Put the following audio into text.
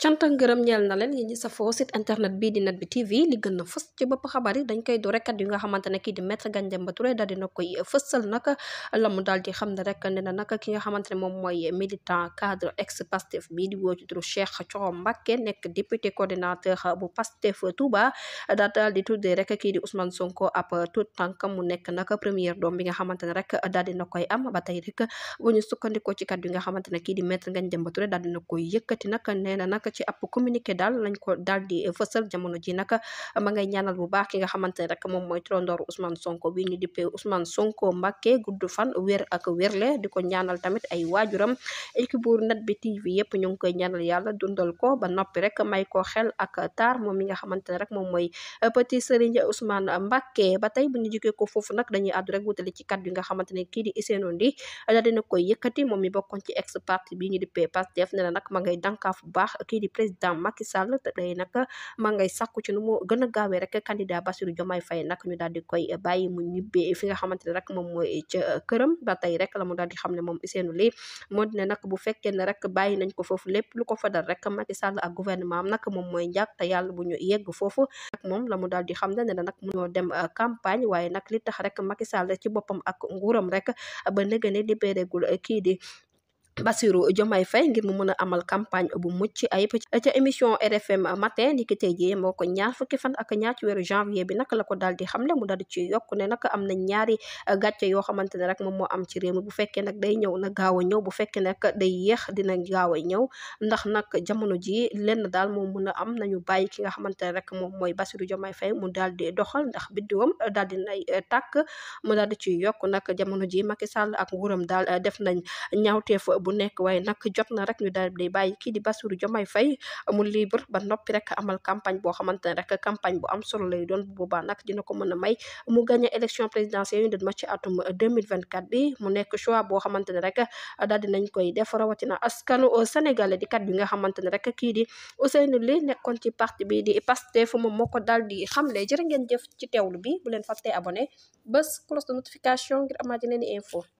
cant ak ngërëm ñeel na leen yi ñi safoo internet bii di net bi tv li gën a fës ci bopp dañ koy do rekkat yu nga xamante ne kii di maître Ngagne Demba Touré daal dina koy fësal nag la mu daal di xam ne rek ne na nag ki nga xamante ne moom mooy militant cadre ex pastef bii di woo ci turu Cheikh Thioro Mbacké nekk député coordinateur bu pastef Touba daa daal di tuddee rek kii di Ousmane Sonko ab tout tànk mu nekk nag première doom bi nga xamante ne rek daal dina koy am ba tey rek bu ñu ci kat yi nga xamante ne kii di maître Ngagne Demba Touré daal dina koy yëkkati nag nee na ci ab communiqué daal lañ ko daal di fësal jamono ji nag ma ñaanal bu baax ki nga xamante ne rek moom mooy trondooru Ousmane Sonko bi ñu dippee Ousmane Sonko Mbacké gudd fan wér ak wérle di ko ñaanal tamit ay waajuram équipe bu net bi TV yëpp ngi koy ñaanal yàlla dundal ko ba noppi rek may ko xel ak moom mi nga xamante ne rek moom mooy petit Serigne Ousmane Mbacké ba bu ñu jógee ko nag dañuy àddu rek wutali ci kàddu yi nga xamante ne kii di Ousseynou Ly daal dina koy yëkkati moom mi bokkoon ci ex parti bi ñu dippee Pastef ne na nag ma ngay bu baax di président Macky Sall tey nag ma ngay sàkku ci nu mu gën a gaawee rek candidat Bassirou Diomaye Faye nag ñu daal di koy bàyyi mu ñibbee fi nga xamante ne rek moom mooy ca këram ba tey rek la mu daal di xam ne moom Ousseynou Ly moo di ne nag bu fekkee ne rek bàyyi nañ ko foofu lépp lu ko fa dal rek Macky Sall ak gouvernement am nag moom mooy njàkk te yàlla bu ñu yegg foofu moom la mu daal di xam ne ne nag mënoo dem campagne waaye nag li tax rek Macky Sall ci boppam ak nguuram rek ba nëgëne libéré gul kii di Bassirou Diomaye Faye ngir mu mën a amal campagne bu mucc ayib ca émission RFM matin ni ki tey jii moo ko ñaar fan ak ñaar ci weeru janvier bi nag la ko daal di xamle mu daal di ci yokk ne nag am na ñaari gàcce yoo xamante ne rek moom moo am ci réew bu fekkee nag day ñëw na gaaw a ñëw bu fekkee nag day yéex dina gaaw a ñëw ndax nag jamono ji lenn daal moo mun a am nañu bàyyi ki nga xamante ne rek moom mooy Bassirou Diomaye Faye mu daal di doxal ndax biddiwam daal di nay tàkk mu di ci yokk nag jamono ji Macky Sall ak nguuram daal def nañ bu nekk waaye nag jot na rek ñu daal di bàyyi kii di Bassirou Diomaye Faye mu libre ba noppi rek amal campagne boo xamante rek campagne bu am solo lay doon bu boobaa nag dina ko mën a may mu gagné élection présidentielle ñu dët ma ci atum 2024 bi mu nekk choix boo xamante ne rek daal kat bi nga xamante ne rek kii di Ousseynou Ly nekkoon ci parti bi di Pastef moom moo ko daal di xamle jërë ngeen jëf ci teewlu bi bu leen fàttee abonné bés cloche de